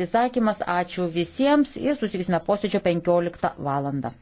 pasisakymas. Ačiū visiems ir susitiksime posėdžio 15 valandą.